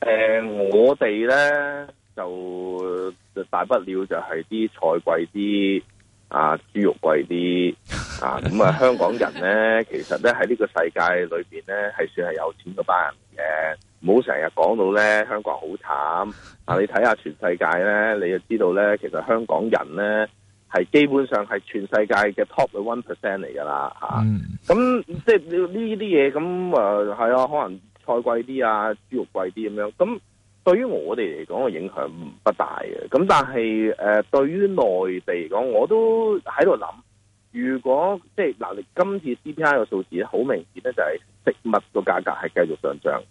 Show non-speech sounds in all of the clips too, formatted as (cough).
誒、呃，我哋咧就，就大不了就係啲菜貴啲，啊豬肉貴啲，啊咁啊香港人咧， (laughs) 其實咧喺呢個世界裏邊咧係算係有錢嗰班人嘅，唔好成日講到咧香港好慘，啊你睇下全世界咧，你就知道咧，其實香港人咧係基本上係全世界嘅 top one percent 嚟噶啦，吓，咁即係呢啲嘢，咁 (laughs) 啊係啊，可能。菜貴啲啊，豬肉貴啲咁樣，咁對於我哋嚟講嘅影響不大嘅，咁但係誒對於內地嚟講，我都喺度諗，如果即係嗱，你、就是、今次 CPI 嘅數字好明顯咧就係食物個價格係繼續上漲，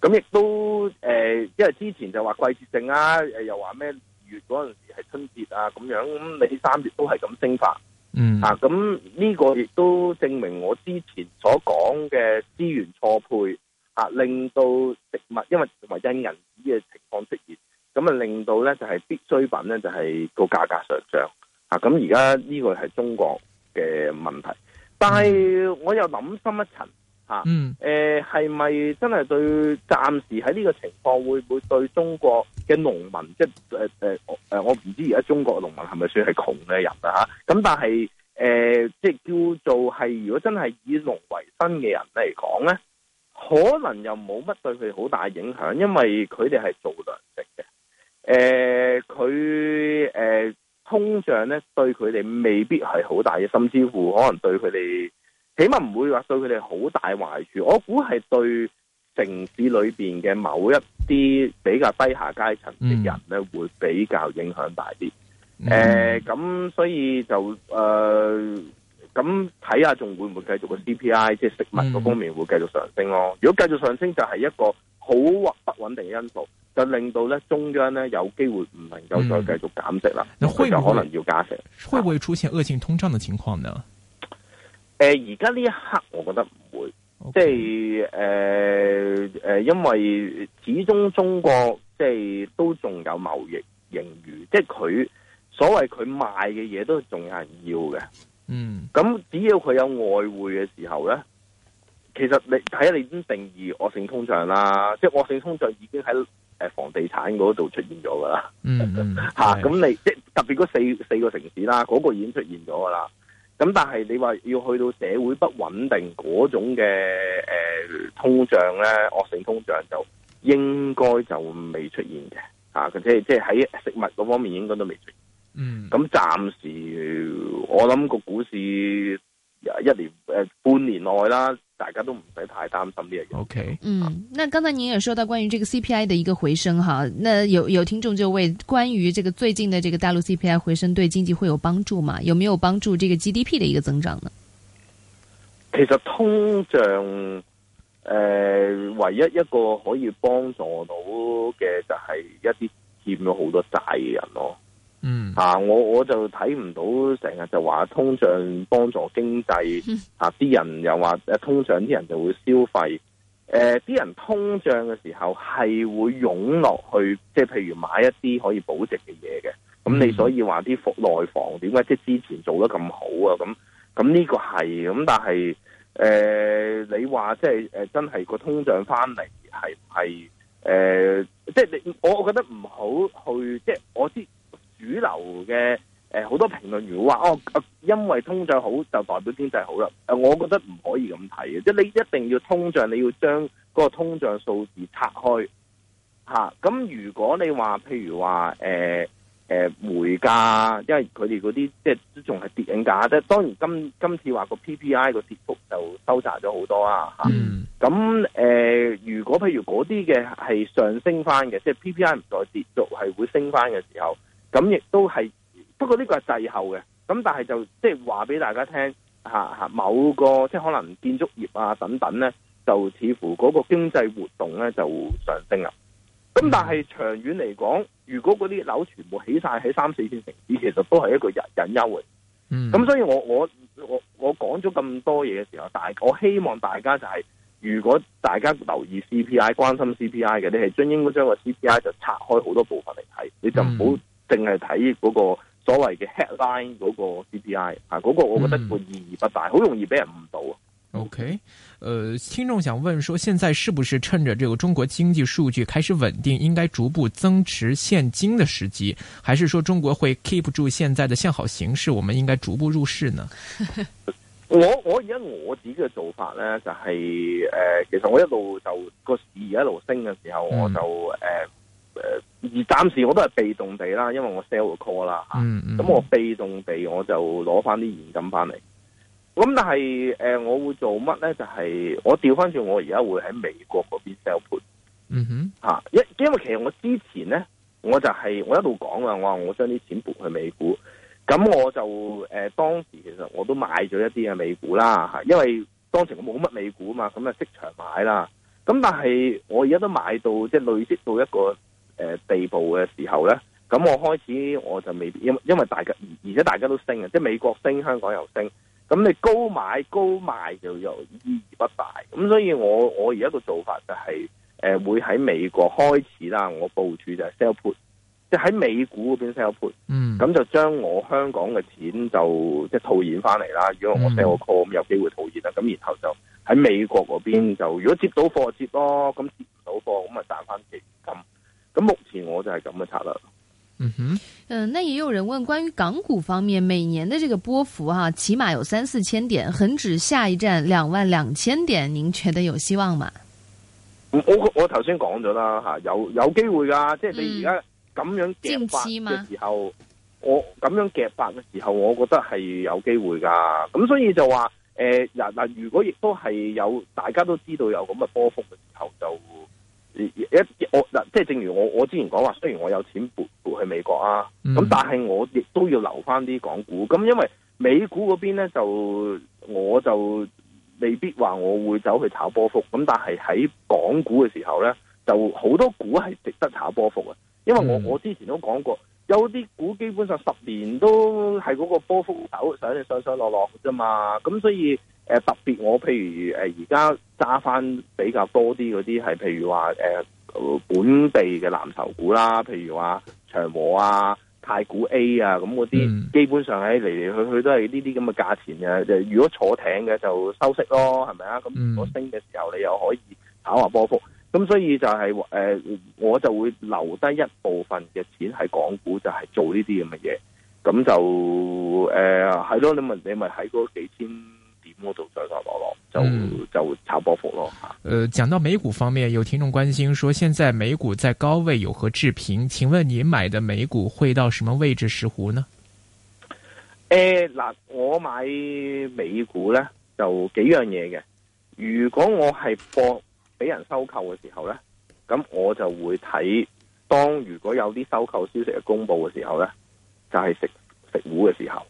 咁亦都誒，因為之前就話季節性啊，誒又話咩二月嗰陣時係春節啊咁樣，咁你三月都係咁升法，嗯啊，咁呢個亦都證明我之前所講嘅資源錯配。啊！令到食物，因為或因銀紙嘅情況出現，咁啊令到咧就係必需品咧就係個價格上漲啊！咁而家呢個係中國嘅問題，但係我又諗深一層嚇，誒係咪真係對暫時喺呢個情況會唔會對中國嘅農民即係誒誒誒？我唔知而家中國農民係咪算係窮嘅人啊？嚇！咁但係誒，即係叫做係如果真係以農為生嘅人嚟講咧。可能又冇乜對佢哋好大影響，因為佢哋係做糧食嘅，誒、呃，佢誒、呃，通脹咧對佢哋未必係好大嘅，甚至乎可能對佢哋，起碼唔會話對佢哋好大壞處。我估係對城市裏邊嘅某一啲比較低下階層嘅人咧，會比較影響大啲。誒、嗯、咁、呃、所以就誒。呃咁睇下仲會唔會繼續個 CPI 即係食物嗰方面會繼續上升咯？如果繼續上升，嗯、上升就係一個好或不穩定的因素，就令到咧中央咧有機會唔能夠再繼續減息啦。你、嗯、會，會可能要加息？會唔會出現惡性通脹嘅情況呢？誒，而家呢一刻，我覺得唔會，Okay. 即係誒誒，因為始終中國即係都仲有貿易盈餘，即係佢所謂佢賣嘅嘢都仲有人要嘅。嗯，咁只要佢有外匯嘅時候咧，其實你睇下你已經定義惡性通脹啦，即係惡性通脹已經喺誒房地產嗰度出現咗噶啦，吓、嗯、咁、嗯、 (laughs) 你即係特別嗰四四個城市啦，嗰、那個已經出現咗噶啦，咁但係你話要去到社會不穩定嗰種嘅誒、呃、通脹咧，惡性通脹就應該就未出現嘅，吓、啊，或即係喺食物嗰方面應該都未出現。出嗯，咁暫時我諗個股市一年誒、呃、半年內啦，大家都唔使太擔心呢樣嘢。O、okay. K，嗯，那剛才您也說到關於這個 C P I 的一個回升哈，那有有聽眾就問，關於這個最近的這個大陸 C P I 回升對經濟會有幫助嗎？有沒有幫助這個 G D P 的一個增長呢？其實通脹誒、呃，唯一一個可以幫助到嘅就係一啲欠咗好多債嘅人咯。嗯， (noise) 啊，我我就睇唔到成日就話通脹幫助經濟，啊，啲人又話誒通脹啲人就會消費，誒，啲人通脹嘅時候係會湧落去，即係譬如買一啲可以保值嘅嘢嘅，咁你所以話啲房內房點解即係之前做得咁好啊？咁咁呢個係咁，但係誒你話即係誒真係個通脹翻嚟係唔係誒？即係你，我覺得唔好去即係我知。主流嘅誒好多評論員會話哦、呃，因為通脹好就代表經濟好啦。誒、呃，我覺得唔可以咁睇嘅，即係你一定要通脹，你要將嗰個通脹數字拆開嚇。咁、啊、如果你話譬如話誒誒煤價，因為佢哋嗰啲即係都仲係跌緊價，即係當然今今次話個 PPI 個跌幅就收窄咗好多啦嚇。咁、mm. 誒、啊呃，如果譬如嗰啲嘅係上升翻嘅，即係 PPI 唔再跌續係會升翻嘅時候。咁亦都係，不過呢個係滯後嘅。咁但係就即係話俾大家聽，嚇嚇某個即係可能建築業啊等等咧，就似乎嗰個經濟活動咧就上升啦。咁但係長遠嚟講，如果嗰啲樓全部起晒喺三四線城市，其實都係一個隱隱憂嘅。咁、嗯、所以我我我我講咗咁多嘢嘅時候但係我希望大家就係、是，如果大家留意 CPI、關心 CPI 嘅，你係將應該將個 CPI 就拆開好多部分嚟睇，你就唔好。淨係睇嗰個所謂嘅 headline 嗰個 CPI，吓、嗯、嗰、啊那個我覺得個意義不大，好容易俾人誤導、啊。OK，誒、呃，聽眾想問說，現在是不是趁着這個中國經濟數據開始穩定，應該逐步增持現金的時機，還是說中國會 keep 住現在的向好形勢，我們應該逐步入市呢？ (laughs) 我我而家我自己嘅做法咧，就係、是、誒、呃，其實我一路就個市一路升嘅時候，嗯、我就誒誒。呃呃而暫時我都係被動地啦，因為我 sell 個 call 啦，咁、mm -hmm. 嗯、我被動地我就攞翻啲現金翻嚟。咁但係、呃、我會做乜咧？就係我調翻轉，我而家會喺美國嗰邊 sell 盤。嗯哼，嚇，因因為其實我之前咧，我就係、是、我一路講啦我話我將啲錢撥去美股。咁我就誒、呃、當時其實我都買咗一啲嘅美股啦，因為當時我冇乜美股啊嘛，咁啊即場買啦。咁但係我而家都買到，即係累積到一個。誒，地步嘅時候咧，咁我開始我就未必，因因為大家而且大家都升啊，即係美國升，香港又升，咁你高買高賣就又意義不大。咁所以我我而家個做法就係、是、誒、呃、會喺美國開始啦，我部署就係 sell put，即係喺美股嗰邊 sell put，嗯，咁就將我香港嘅錢就即係、就是、套現翻嚟啦。如果我 sell 我 call 咁，有機會套現啦，咁然後就喺美國嗰邊就、嗯、如果接到貨接咯，咁接唔到貨咁咪賺翻資金。咁目前我就係咁嘅策略。嗯哼，嗯，那也有人問關於港股方面，每年的這個波幅啊，起碼有三四千點，恒指下一站兩萬兩千點，您覺得有希望嗎？我我頭先講咗啦，吓有有機會噶，即係你而家咁樣夾白嘅時候，嗯、我咁樣夾白嘅時候，我覺得係有機會噶。咁所以就話，誒，嗱嗱，如果亦都係有大家都知道有咁嘅波幅嘅時候，就。一我嗱，即係正如我我之前講話，雖然我有錢撥撥去美國啊，咁、嗯、但係我亦都要留翻啲港股。咁因為美股嗰邊咧，就我就未必話我會走去炒波幅。咁但係喺港股嘅時候咧，就好多股係值得炒波幅啊。因為我我之前都講過，有啲股基本上十年都係嗰個波幅走上，上你上上落落嘅啫嘛。咁所以。特別我，我譬如誒而家揸翻比較多啲嗰啲係，譬如話誒本地嘅藍籌股啦，譬如話長和啊、太古 A 啊咁嗰啲，基本上喺嚟嚟去去都係呢啲咁嘅價錢嘅。就如果坐艇嘅就收息咯，係咪啊？咁如果升嘅時候你又可以炒下波幅，咁所以就係、是、誒、呃，我就會留低一部分嘅錢喺港股，就係、是、做呢啲咁嘅嘢。咁就誒係、呃、咯，你咪你咪喺嗰幾千。我都再做落就就炒波幅咯吓。誒、嗯呃，講到美股方面，有聽眾關心說，現在美股在高位有何置評？請問你買的美股會到什麼位置食糊呢？誒、呃，嗱，我買美股咧就幾樣嘢嘅。如果我係博俾人收購嘅時候咧，咁我就會睇當如果有啲收購消息嘅公布嘅時候咧，就係、是、食食糊嘅時候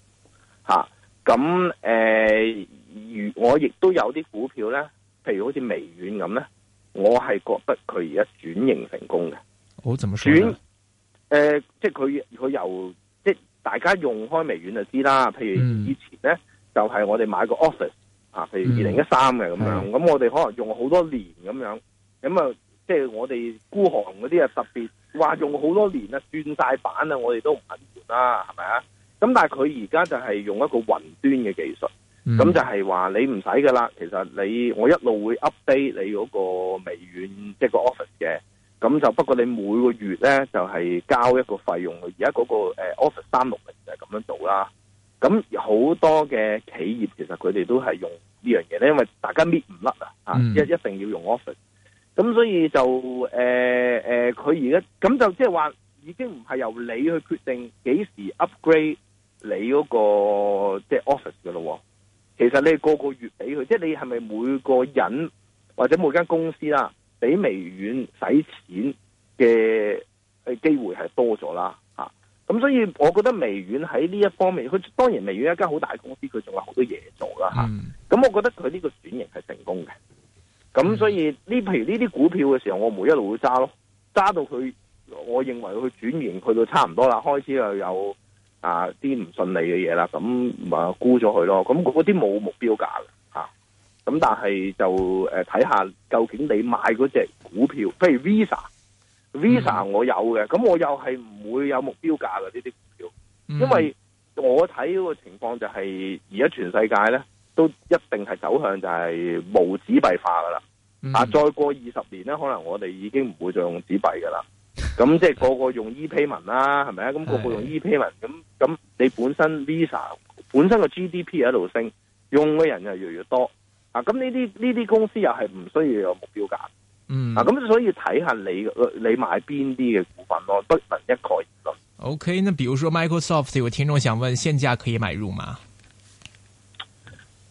吓。咁、啊、誒。如我亦都有啲股票咧，譬如好似微軟咁咧，我係覺得佢而家轉型成功嘅。我、哦、怎麼說咧？轉誒、呃，即係佢佢由即係大家用開微軟就知啦。譬如以前咧、嗯，就係、是、我哋買個 Office 啊，譬如二零一三嘅咁樣。咁、嗯、我哋可能用好多年咁樣。咁、嗯、啊，即係我哋孤寒嗰啲啊，特別話用好多年啊，轉晒版啊，我哋都唔肯換啦，係咪啊？咁但係佢而家就係用一個雲端嘅技術。咁就係話你唔使噶啦，其實你我一路會 update 你嗰個微軟即係個 Office 嘅，咁就不過你每個月咧就係、是、交一個費用。而家嗰個誒 Office 三六零就係咁樣做啦。咁好多嘅企業其實佢哋都係用呢樣嘢咧，因為大家搣唔甩啊，一一定要用 Office。咁所以就誒誒，佢而家咁就即係話已經唔係由你去決定幾時 upgrade 你嗰個即係 Office 喇咯。其實你個個月俾佢，即係你係咪每個人或者每間公司啦，俾微軟使錢嘅機會係多咗啦，吓、啊、咁所以我覺得微軟喺呢一方面，佢當然微軟一間好大公司，佢仲有好多嘢做啦，吓、啊、咁我覺得佢呢個轉型係成功嘅，咁所以呢譬如呢啲股票嘅時候，我每一路會揸咯，揸到佢我認為佢轉型去到差唔多啦，開始又有。啊！啲唔順利嘅嘢啦，咁啊沽咗佢咯。咁嗰啲冇目標價嘅吓，咁、啊、但係就誒睇下究竟你買嗰隻股票，譬如 Visa，Visa、嗯、Visa 我有嘅，咁我又係唔會有目標價嘅呢啲股票、嗯，因為我睇嗰個情況就係而家全世界咧都一定係走向就係無紙幣化噶啦、嗯，啊再過二十年咧，可能我哋已經唔會再用紙幣噶啦，咁即係個個用 e-payment 啦，係咪啊？咁、那個個用 e-payment 咁。咁你本身 Visa 本身個 GDP 喺度升，用嘅人又越來越多，啊咁呢啲呢啲公司又係唔需要有目標價，嗯，啊咁所以睇下你你買邊啲嘅股份咯，不能一概而論。O、okay, K，咁比如說 Microsoft，有聽眾想問，現價可以買入嗎？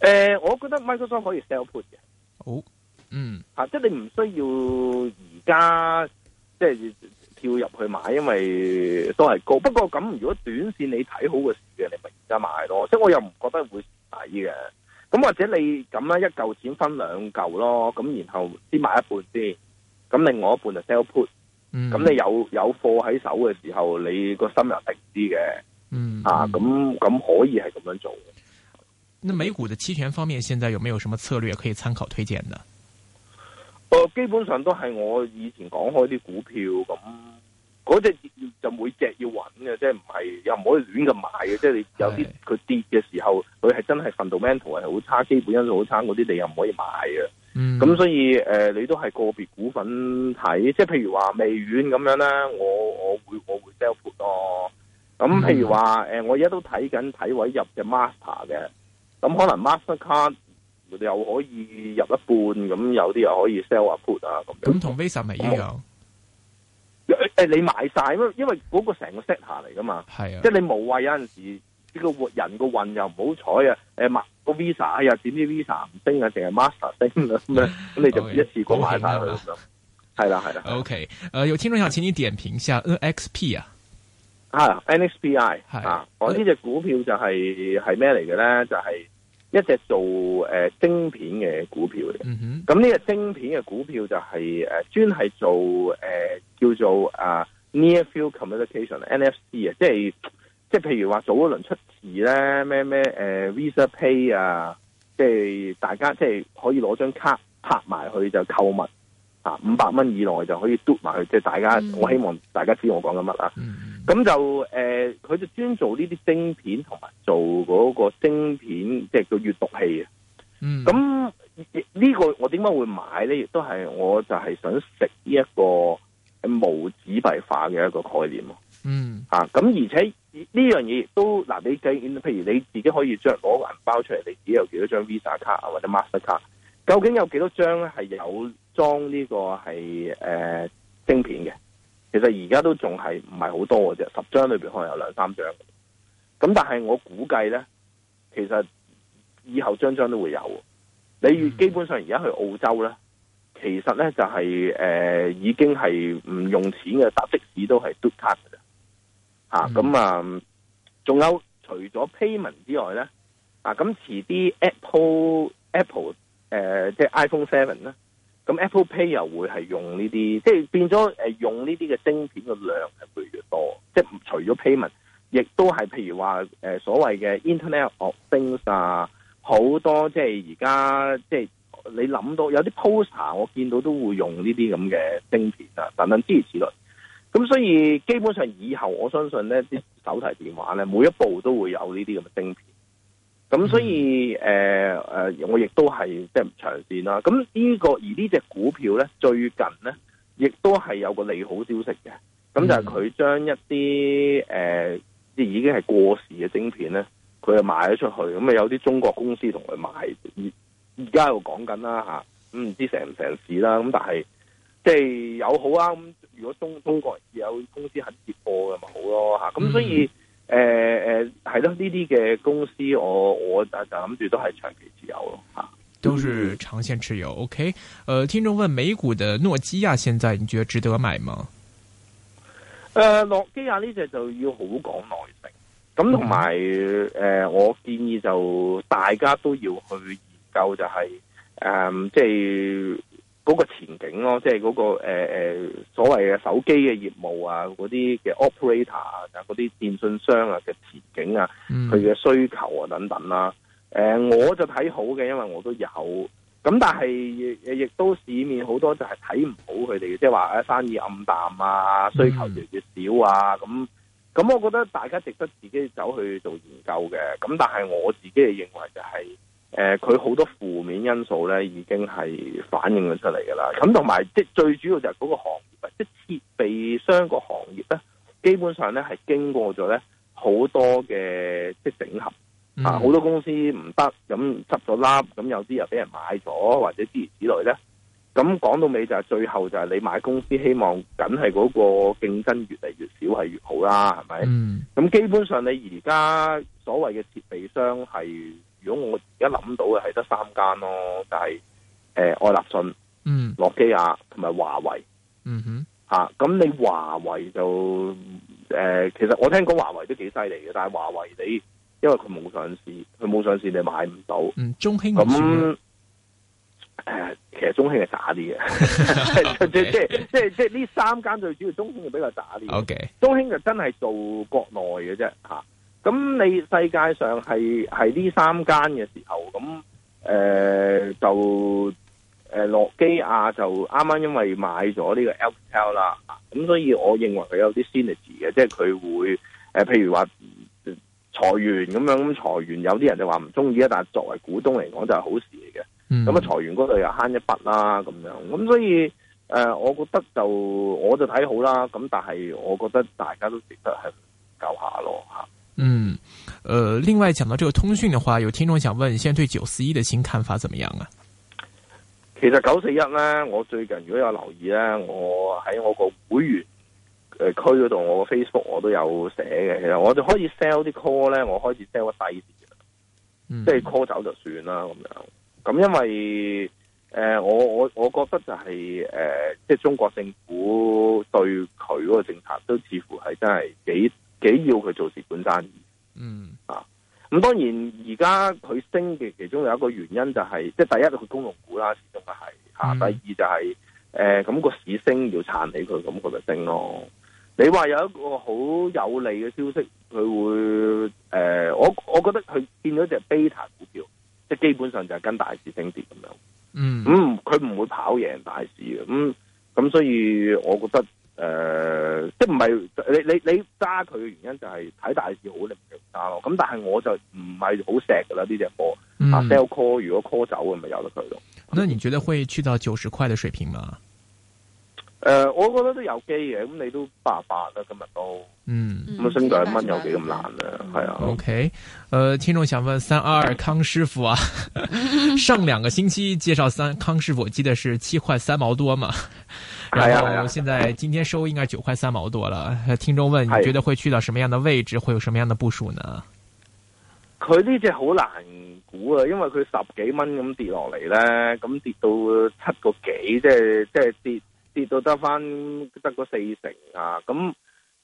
誒、呃，我覺得 Microsoft 可以 sell put 嘅。哦，嗯，啊，即係你唔需要而家即係。跳入去買，因為都係高。不過咁，如果短線你睇好個市嘅，你咪而家買咯。即係我又唔覺得會死嘅。咁或者你咁樣，一嚿錢分兩嚿咯。咁然後先買一半先，咁另外一半就 sell put，嗯。咁你有有貨喺手嘅時候，你個心又定啲嘅。嗯，嗯啊，咁咁可以係咁樣做嘅。那美股的期權方面，現在有沒有什麼策略可以參考推薦呢？基本上都係我以前講開啲股票咁，嗰隻要就每隻要揾嘅，即係唔係又唔可以亂咁買嘅，即係你有啲佢跌嘅時候，佢係真係 fundamental 係好差，基本因素好差嗰啲你又唔可以買嘅。咁、嗯、所以誒、呃，你都係個別股份睇，即係譬如話微軟咁樣咧，我我會我會 sell 盤咯。咁譬如話誒、嗯呃，我而家都睇緊睇位入隻 master 嘅，咁可能 master card。又可以入一半咁，有啲又可以 sell 啊 put 啊咁樣。咁同 Visa 咪一樣？誒、哦呃、你買晒，因因為嗰個成個 set 下嚟噶嘛。係啊。即係你無謂有陣時呢個運人個運又唔好彩啊！誒、呃，個 Visa 哎呀點知 Visa 唔升啊，淨係 Master 升咁、啊、樣，咁 (laughs) 你就一次過買晒佢。係啦係啦。OK，誒、啊啊啊 okay, 呃，有聽眾想請你點評下 NXP、呃、啊。係 NXPI 啊，我呢隻股票就係係咩嚟嘅咧？就係、是。一隻做誒、呃、晶片嘅股票嘅，咁、mm、呢 -hmm. 個晶片嘅股票就係、是、誒、呃、專係做誒、呃、叫做啊、呃、Near Field Communication（NFC）、mm -hmm. 啊，即係即係譬如話早一輪出事咧，咩咩誒 Visa Pay 啊，即、就、係、是、大家即係、就是、可以攞張卡拍埋去就購物啊，五百蚊以內就可以嘟埋去，即、就、係、是、大家、mm -hmm. 我希望大家知道我講緊乜啊。咁就誒，佢、呃、就專做呢啲晶片，同埋做嗰個晶片，即係叫閱讀器啊。嗯、咁、這、呢個我點解會買咧？亦都係我就係想食呢一個冇紙幣化嘅一個概念咯。嗯、啊，咁而且呢樣嘢亦都嗱，你、呃、睇，譬如你自己可以將攞個銀包出嚟，你自己有幾多張 Visa 卡啊，或者 Master 卡？究竟有幾多張咧係有裝呢個係誒、呃、晶片嘅？其實而家都仲係唔係好多嘅啫，十張裏邊可能有兩三張。咁但係我估計咧，其實以後張張都會有。你基本上而家去澳洲咧，其實咧就係、是、誒、呃、已經係唔用錢嘅，搭的士都係嘟卡嘅。吓、嗯、咁啊，仲有除咗 payment 之外咧，啊咁遲啲 Apple Apple 誒、呃，即係 iPhone Seven 啦。咁 Apple Pay 又會係用呢啲，即係變咗誒用呢啲嘅晶片嘅量係會越多，即係除咗 payment，亦都係譬如話誒所謂嘅 Internet of Things 啊，好多即係而家即係你諗到有啲 poster，我見到都會用呢啲咁嘅晶片啊，等等諸如此類。咁所以基本上以後我相信咧，啲手提電話咧每一部都會有呢啲咁嘅晶片。咁所以誒、呃呃、我亦都係即係唔長線啦。咁呢、呢個，而呢隻股票咧，最近咧亦都係有個利好消息嘅。咁就係佢將一啲誒即係已經係過時嘅晶片咧，佢又賣咗出去。咁啊有啲中國公司同佢買，而而家又講緊啦吓，咁唔知成唔成市啦。咁、啊、但係即係有好啊。咁如果中中國有公司肯接貨，嘅、啊，咪好咯吓。咁所以。誒、呃、誒，係咯，呢啲嘅公司我，我我就諗住都係長期持有咯吓、啊，都係長線持有。OK，誒，聽眾問美股嘅諾基亞，現在你覺得值得買嗎？誒、呃，諾基亞呢隻就要好講耐性，咁同埋誒，我建議就大家都要去研究、就是，就係誒，即係。嗰、那個前景咯，即係嗰、那個誒、呃、所謂嘅手機嘅業務啊，嗰啲嘅 operator 啊，嗰啲電信商啊嘅前景啊，佢嘅需求啊等等啦、啊，誒、呃、我就睇好嘅，因為我都有。咁但係亦都市面好多就係睇唔好佢哋，即係話誒生意暗淡啊，需求越嚟越少啊。咁咁，我覺得大家值得自己走去做研究嘅。咁但係我自己嘅認為就係、是。誒、呃，佢好多負面因素咧，已經係反映咗出嚟噶啦。咁同埋，即係最主要就係嗰個行業，即係設備商個行業咧，基本上咧係經過咗咧好多嘅即係整合、嗯、啊，好多公司唔得咁執咗笠，咁有啲又俾人買咗，或者諸如此類咧。咁講到尾就係最後就係你買公司，希望梗係嗰個競爭越嚟越少係越好啦，係咪？咁、嗯、基本上你而家所謂嘅設備商係。如果我而家諗到嘅係得三間咯，就係誒愛立信、嗯、諾基亞同埋華為，嗯哼、吓、啊、咁你華為就誒、呃，其實我聽講華為都幾犀利嘅，但係華為你因為佢冇上市，佢冇上市你買唔到、嗯，中興咁誒、嗯呃，其實中興係渣啲嘅，即即即即呢三間最主要中興就比較渣啲，okay. 中興就真係做國內嘅啫，吓、啊。咁你世界上係係呢三間嘅時候，咁誒、呃、就誒諾、呃、基亞就啱啱因為買咗呢個 Alcatel 啦，咁所以我認為佢有啲 synergy 嘅，即係佢會誒，譬如話、呃、裁員咁樣，裁員有啲人就話唔中意啊，但係作為股東嚟講就係好事嚟嘅。咁、嗯、啊，裁員嗰度又慳一筆啦，咁樣咁所以誒、呃，我覺得就我就睇好啦。咁但係我覺得大家都值得係救下咯吓。嗯，誒、呃，另外講到這個通訊的話，有聽眾想問，現在對九四一的新看法怎麼樣啊？其實九四一呢，我最近如果有留意呢，我喺我個會員誒區嗰度，我個 Facebook 我都有寫嘅。其實我哋可以 sell 啲 call 呢，我開始 sell 低啲，即、嗯、係、就是、call 走就算啦咁樣。咁因為誒、呃，我我我覺得就係、是、誒，即、呃、係、就是、中國政府對佢嗰個政策都似乎係真係幾。幾要佢做蝕本生意？嗯啊，咁當然而家佢升嘅其中有一個原因就係、是，即係第一佢公用股啦，始終係嚇、啊嗯。第二就係、是、誒，咁、呃那個市升要撐起佢，咁佢咪升咯。你話有一個好有利嘅消息，佢會誒、呃，我我覺得佢變咗隻 Beta 股票，即係基本上就係跟大市升跌咁樣。嗯，咁佢唔會跑贏大市嘅。咁、嗯、咁所以，我覺得。誒、呃，即係唔係你你你揸佢嘅原因就係睇大市好，你唔揸咯，咁但係我就唔係好錫噶啦呢隻波，sell call 如果 call 走嘅咪由得佢咯。咁你覺得會去到九十塊嘅水平嗎？誒、呃，我覺得都有機嘅，咁你都八八啦今日都，嗯，咁、嗯、升到一蚊有幾咁難啊？係、嗯、啊，OK，誒、呃，聽眾想問三二二，康師傅啊， (laughs) 上兩個星期介紹三康師傅，我記得是七塊三毛多嘛？係啊，現在今天收應該九塊三毛多了。啊、聽眾問：你覺得會去到什麼樣的位置？啊、會有什麼樣嘅部署呢？佢呢隻好難估啊，因為佢十幾蚊咁跌落嚟，呢，咁跌到七個幾，即係即係跌跌到得翻得嗰四成啊。咁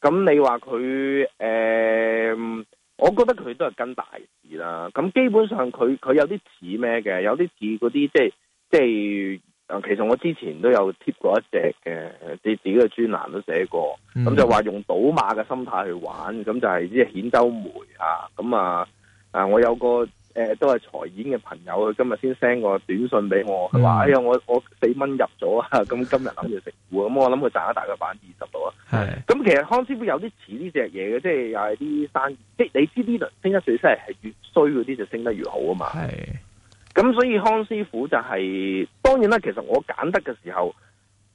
咁你話佢誒，我覺得佢都係跟大市啦。咁基本上佢佢有啲似咩嘅？有啲似嗰啲即係即係。其實我之前都有 tip 過一隻嘅，喺自己嘅專欄都寫過，咁就話用賭馬嘅心態去玩，咁就係即係顯周梅啊，咁啊啊，我有個誒、呃、都係財演嘅朋友，佢今日先 send 個短信俾我，佢、嗯、話哎呀我我四蚊入咗啊，咁今日諗住食糊，咁我諗佢賺一大概百分二十到啊，係，咁其實康師傅有啲似呢隻嘢嘅，即係又係啲生意。即係你知呢輪升一水，水是，真係越衰嗰啲就升得越好啊嘛，係。咁所以康師傅就係、是、當然啦，其實我揀得嘅時候，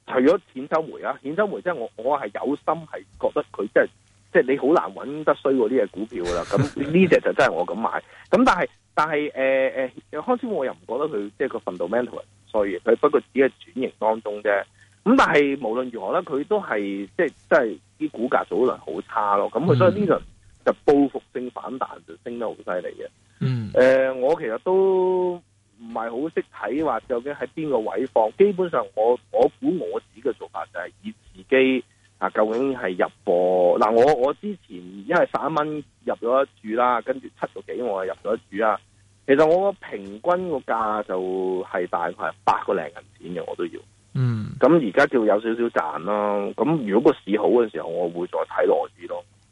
除咗兗州煤啊，兗州煤即係我我係有心係覺得佢即係即係你好難揾得衰嗰啲嘅股票啦。咁呢隻就真係我咁買。咁但係但係誒誒康師傅我又唔覺得佢即係個 fundamental 係衰嘅，佢不過只係轉型當中啫。咁但係無論如何咧，佢都係即係即係啲股價早輪好差咯。咁佢所以呢輪就報復性反彈就升得好犀利嘅。嗯，誒、呃、我其實都。唔係好識睇，話究竟喺邊個位放？基本上我我估我自己嘅做法就係以自己啊，究竟係入貨嗱、啊，我我之前因為三蚊入咗一注啦，跟住七個幾我係入咗一注啦。其實我平均個價就係大概係八個零銀錢嘅，我都要。嗯，咁而家叫有少少賺啦。咁如果個市好嘅時候，我會再睇落。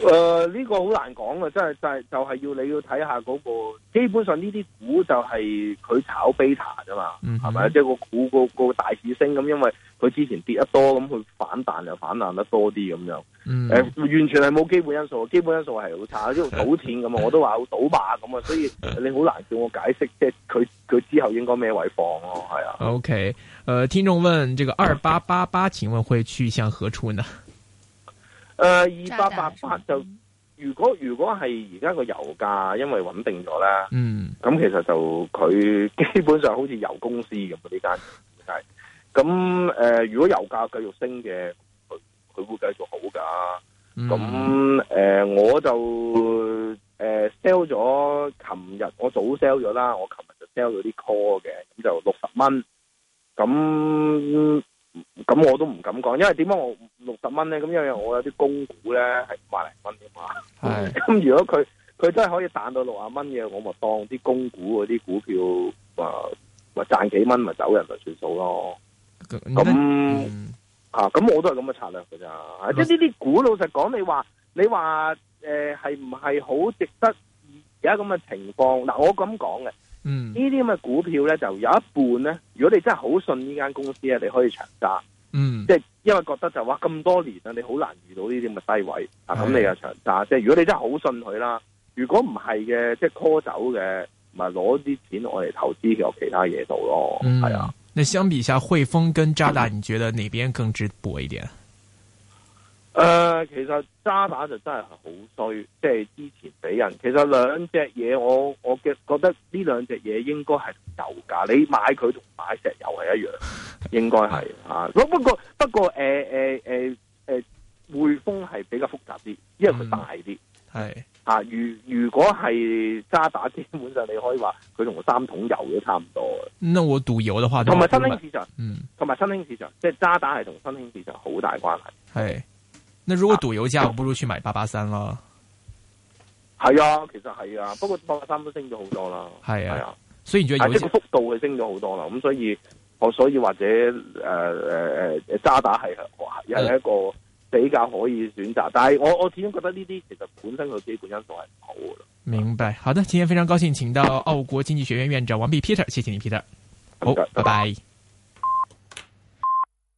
誒、呃，呢、這個好難講啊！真係就係就係要你要睇下嗰、那個，基本上呢啲股就係佢炒 beta 啫嘛，係、嗯、咪？即係、就是、個股個、那個大市升咁，因為佢之前跌得多，咁佢反彈又反彈得多啲咁樣。誒、嗯呃，完全係冇基本因素，基本因素係好差，呢度賭錢咁啊、嗯！我都話好賭馬咁啊，所以你好難叫我解釋，即係佢佢之後應該咩位放咯，係啊。OK，誒、呃，聽眾問：這個2888，請問會去向何處呢？誒、呃，二八八八就如果如果係而家個油價因為穩定咗啦，嗯，咁其實就佢基本上好似油公司咁啲呢間係，咁誒、呃、如果油價繼續升嘅，佢佢會繼續好噶，咁、嗯、誒、呃、我就誒 sell 咗，琴、呃、日我早 sell 咗啦，我琴日就 sell 咗啲 call 嘅，咁就六十蚊，咁。咁我都唔敢講，因為點解我六十蚊咧？咁因為我有啲公股咧係萬零蚊啲嘛。係咁，如果佢佢真係可以賺到六啊蚊嘅，我咪當啲公股嗰啲股票誒，咪、呃、賺幾蚊咪走人咪算數咯。咁咁、嗯啊、我都係咁嘅策略噶咋。即係呢啲股，老實講，你話你話誒，係唔係好值得而家咁嘅情況？嗱、呃，我咁講嘅。嗯，呢啲咁嘅股票咧，就有一半咧，如果你真係好信呢間公司啊，你可以長揸，嗯，即係因為覺得就話咁多年啦，你好難遇到呢啲咁嘅低位，啊、嗯，咁你又長揸，即、嗯、係如果你真係好信佢啦，如果唔係嘅，即係 call 走嘅，咪攞啲錢我嚟投資其他嘢度咯，係、嗯、啊。那相比下，匯豐跟渣打，你覺得哪邊更值博一點？誒、呃，其實渣打就真係好衰，即係之前俾人。其實兩隻嘢，我我嘅覺得呢兩隻嘢應該係油價，你買佢同買石油係一樣， (laughs) 應該係啊。咁不過不過誒誒誒誒，匯豐係比較複雜啲，因為佢大啲，係、嗯、吓、啊。如如果係渣打，基本上你可以話佢同三桶油都差唔多嘅。如果賭油嘅話，同埋新興市場，同、嗯、埋新興市場，即係渣打係同新興市場好大關係，係。那如果賭油價、啊，我不如去買八八三啦。係啊，其實係啊，不過八八三都升咗好多啦。係啊，啊，所以你覺得有？係幅、就是、度係升咗好多啦。咁所以我所以或者誒誒誒，渣、呃、打係又係一個比較可以選擇。呃、但係我我始終覺得呢啲其實本身個基本因素係唔好的明白，好的，今天非常高興請到澳國經濟學院院長王弼 Peter，謝謝你 Peter。好，謝謝拜拜。拜拜。